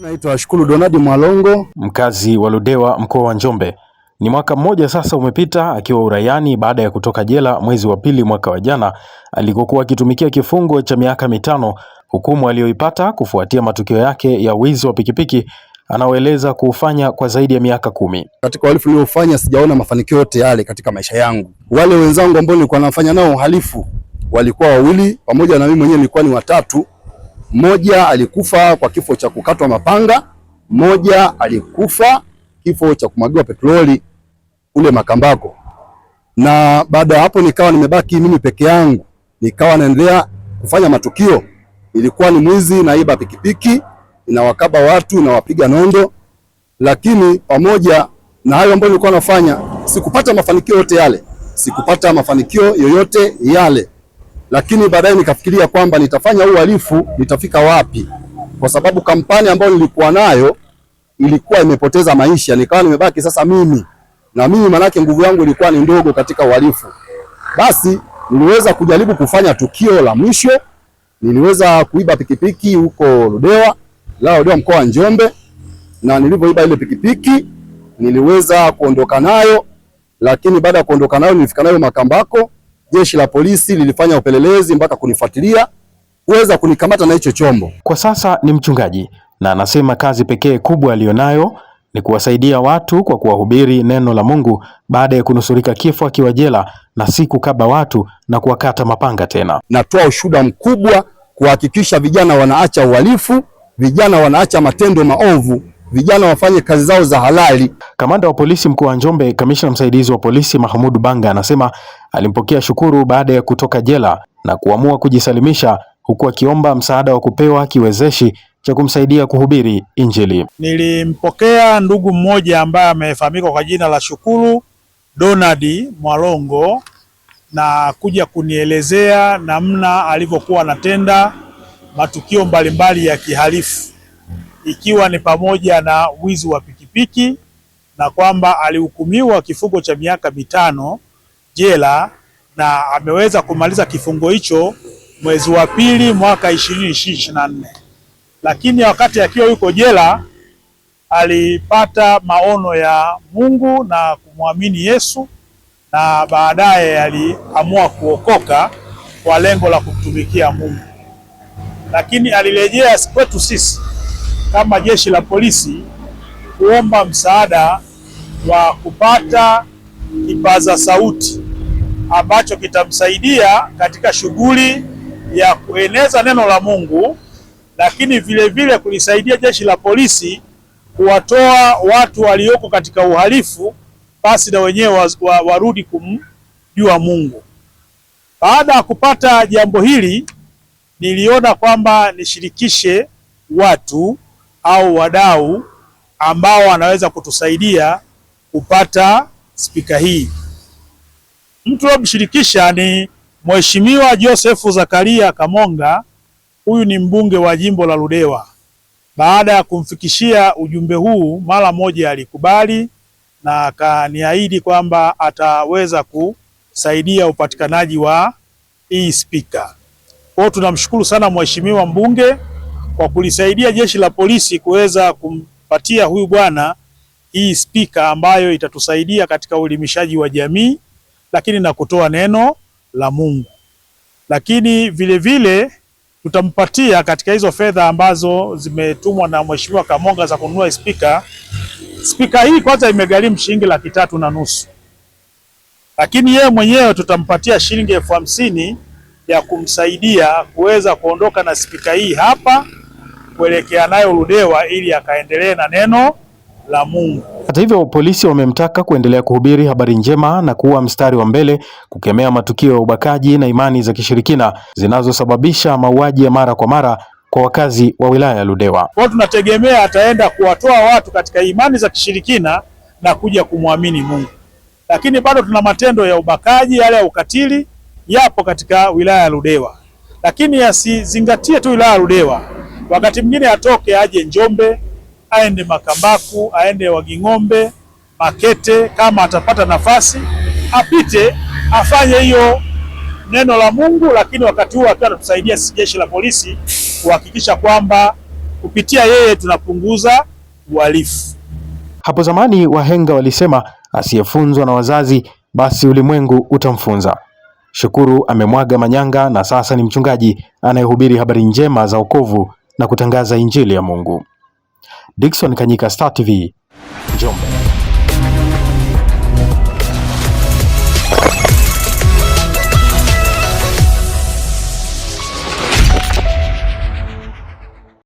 Naitwa Shukuru Donadi Mwalongo, mkazi wa Ludewa, mkoa wa Njombe. Ni mwaka mmoja sasa umepita akiwa uraiani baada ya kutoka jela mwezi wa pili mwaka wa jana alikokuwa akitumikia kifungo cha miaka mitano, hukumu aliyoipata kufuatia matukio yake ya wizi wa pikipiki anaoeleza kuufanya kwa zaidi ya miaka kumi. Katika uhalifu niliofanya sijaona mafanikio yote yale katika maisha yangu. Wale wenzangu ambao nilikuwa nafanya nao uhalifu walikuwa wawili, pamoja na mimi mwenyewe nilikuwa ni watatu mmoja alikufa kwa kifo cha kukatwa mapanga, mmoja alikufa kifo cha kumwagiwa petroli kule Makambako. Na baada ya hapo nikawa nimebaki mimi peke yangu, nikawa naendelea kufanya matukio. Ilikuwa ni mwizi, naiba pikipiki, inawakaba watu, nawapiga nondo. Lakini pamoja na hayo ambayo nilikuwa nafanya, sikupata mafanikio yote yale, sikupata mafanikio yoyote yale lakini baadaye nikafikiria kwamba nitafanya uhalifu nitafika wapi, kwa sababu kampani ambayo nilikuwa nayo ilikuwa imepoteza maisha, nikawa nimebaki sasa mimi na mimi, manake nguvu yangu ilikuwa ni ndogo katika uhalifu. Basi niliweza kujaribu kufanya tukio la mwisho, niliweza kuiba pikipiki huko Ludewa, la Ludewa mkoa wa Njombe, na nilipoiba ile pikipiki niliweza kuondoka nayo, lakini baada ya kuondoka nayo nilifika nayo Makambako jeshi la polisi lilifanya upelelezi mpaka kunifuatilia kuweza kunikamata na hicho chombo. Kwa sasa ni mchungaji na anasema kazi pekee kubwa aliyonayo ni kuwasaidia watu kwa kuwahubiri neno la Mungu baada ya kunusurika kifo akiwa jela na siku kaba watu na kuwakata mapanga tena. Natoa ushuhuda mkubwa kuhakikisha vijana wanaacha uhalifu, vijana wanaacha matendo maovu vijana wafanye kazi zao za halali. Kamanda wa polisi mkuu wa Njombe, kamishna msaidizi wa polisi Mahmud Banga anasema alimpokea Shukuru baada ya kutoka jela na kuamua kujisalimisha, huku akiomba msaada wa kupewa kiwezeshi cha kumsaidia kuhubiri Injili. Nilimpokea ndugu mmoja ambaye amefahamika kwa jina la Shukuru Donadi Mwalongo na kuja kunielezea namna alivyokuwa anatenda matukio mbalimbali ya kihalifu ikiwa ni pamoja na wizi wa pikipiki na kwamba alihukumiwa kifungo cha miaka mitano jela na ameweza kumaliza kifungo hicho mwezi wa pili mwaka ishirini na nne. Lakini wakati akiwa yuko jela alipata maono ya Mungu na kumwamini Yesu na baadaye aliamua kuokoka kwa lengo la kumtumikia Mungu, lakini alirejea kwetu sisi kama jeshi la polisi kuomba msaada wa kupata kipaza sauti ambacho kitamsaidia katika shughuli ya kueneza neno la Mungu, lakini vile vile kulisaidia jeshi la polisi kuwatoa watu walioko katika uhalifu basi na wenyewe wa, wa, warudi kumjua Mungu. Baada ya kupata jambo hili, niliona kwamba nishirikishe watu au wadau ambao wanaweza kutusaidia kupata spika hii. Mtu aliyemshirikisha ni Mheshimiwa Joseph Zakaria Kamonga. Huyu ni mbunge wa jimbo la Ludewa. Baada ya kumfikishia ujumbe huu, mara moja alikubali na akaniahidi kwamba ataweza kusaidia upatikanaji wa hii spika. Kwa hiyo tunamshukuru sana Mheshimiwa mbunge kwa kulisaidia jeshi la polisi kuweza kumpatia huyu bwana hii spika ambayo itatusaidia katika uelimishaji wa jamii, lakini na kutoa neno la Mungu, lakini vilevile tutampatia katika hizo fedha ambazo zimetumwa na mheshimiwa Kamonga za kununua spika. Spika hii kwanza imegharimu shilingi laki tatu na nusu, lakini yeye mwenyewe tutampatia shilingi elfu hamsini ya kumsaidia kuweza kuondoka na spika hii hapa kuelekea nayo Ludewa ili akaendelee na neno la Mungu. Hata hivyo, polisi wamemtaka kuendelea kuhubiri habari njema na kuwa mstari wa mbele kukemea matukio ya ubakaji na imani za kishirikina zinazosababisha mauaji ya mara kwa mara kwa wakazi wa wilaya ya Ludewa. Kwa tunategemea ataenda kuwatoa watu katika imani za kishirikina na kuja kumwamini Mungu, lakini bado tuna matendo ya ubakaji, yale ya ukatili yapo katika wilaya ya Ludewa, lakini yasizingatie tu wilaya ya Ludewa Wakati mwingine atoke aje Njombe, aende Makambaku, aende Waging'ombe, Makete, kama atapata nafasi apite afanye hiyo neno la Mungu, lakini wakati huo akiwa anatusaidia sisi jeshi la polisi kuhakikisha kwamba kupitia yeye tunapunguza uhalifu. Hapo zamani wahenga walisema asiyefunzwa na wazazi basi ulimwengu utamfunza. Shukuru amemwaga manyanga na sasa ni mchungaji anayehubiri habari njema za wokovu na kutangaza Injili ya Mungu. Dickson Kanyika, Star TV,